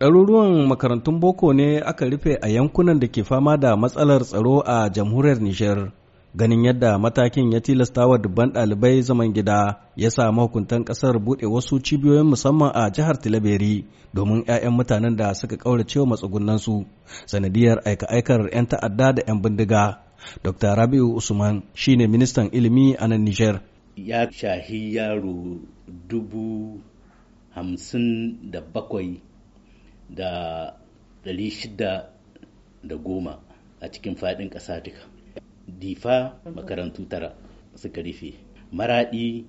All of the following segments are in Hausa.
Ɗaruruwan makarantun boko ne aka rufe a yankunan da ke fama da matsalar tsaro a jamhuriyar Nijar. Ganin yadda matakin ya tilasta wa dubban ɗalibai zaman gida ya sa mahukuntan ƙasar buɗe wasu cibiyoyin musamman a jihar Tilaberi domin 'ya'yan mutanen da suka ƙaurace wa matsugunansu sanadiyar aika-aikar 'yan ta'adda da 'yan bindiga. Dr. Rabiu Usman shine ministan ilimi a nan Nijar. Ya shahi yaro dubu hamsin da bakwai da 610 a cikin faɗin ƙasa duka difa makarantu tara suka rufe maraɗi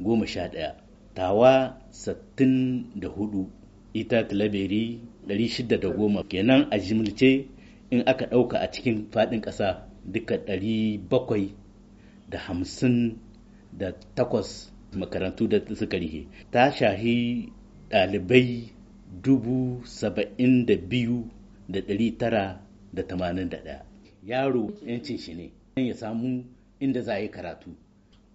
goma sha ɗaya tawa sittin da hudu ita talaberi 610 goma kenan a jimilce in aka ɗauka a cikin faɗin ƙasa duka 700 bakwai da hamsin da takwas makarantu da suka rihe ta shahi ɗalibai dubu saba'in da biyu da yaro yancin shi ne ya samu inda za a yi karatu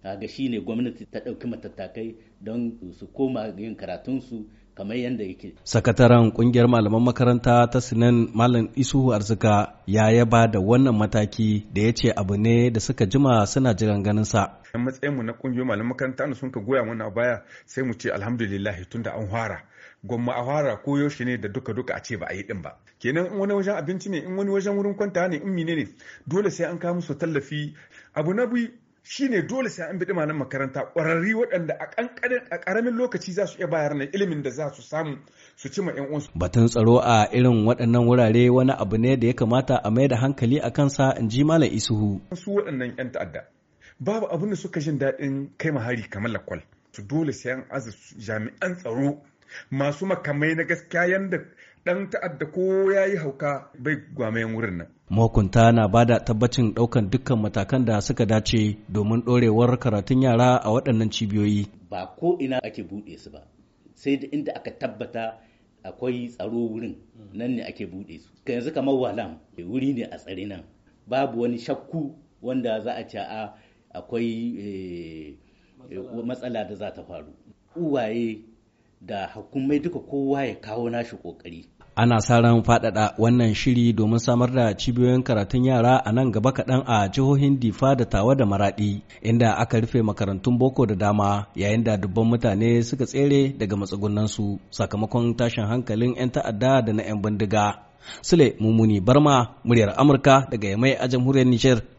kaga shi ne gwamnati ta ɗauki matattakai don su koma yin karatunsu kamar yadda yake. Sakataren kungiyar malaman makaranta ta Sinan Malam Isuhu Arzika ya yaba da wannan mataki da ya ce abu ne da suka jima suna jiran ganin sa. matsayin mu na kungiyar malaman makaranta ne sun ka goya mana baya sai mu ce alhamdulillah da an fara. Gwamma a fara ko yaushe ne da duka duka a ce ba a yi din ba. Kenan in wani wajen abinci ne in wani wajen wurin kwanta ne in mine ne dole sai an kawo musu tallafi. Abu na biyu shine dole sai an bi malaman makaranta ƙwararri waɗanda a a ƙaramin lokaci za su iya bayar na ilimin da za su samu su ci ma 'yan uwansu. Batun tsaro a irin waɗannan wurare wani abu ne da ya kamata a mai da hankali a kansa in ji Malam Isuhu. Su waɗannan 'yan ta'adda babu abin da suka jin daɗin kai hari kamar lakwal. Su dole sai an aza jami'an tsaro masu makamai na gaskiya yanda dan ta'adda ko ya yi hauka bai gwamayen wurin nan. Mahukunta na ba da tabbacin ɗaukan dukkan matakan da suka dace domin ɗorewar karatun yara a waɗannan cibiyoyi. Ba ko ina ake buɗe su ba, sai da inda aka tabbata akwai tsaro wurin nan ne ake buɗe su. Ka yanzu kamar walam wuri ne a tsare nan, babu wani shakku wanda za a ce a akwai eh, matsala da za ta faru. Uwaye da hukumai duka kowa ya kawo nashi ƙoƙari. Ana sa ran faɗaɗa wannan shiri domin samar da cibiyoyin karatun yara a nan gaba kaɗan a jihohin Difa da Tawa da Maraɗi, inda aka rufe makarantun boko da dama yayin da dubban mutane suka tsere daga matsugunansu sakamakon tashin hankalin 'yan ta'adda da na 'yan bindiga. Sule Mumuni Barma, muryar Amurka daga Yamai a jamhuriyar Nijar.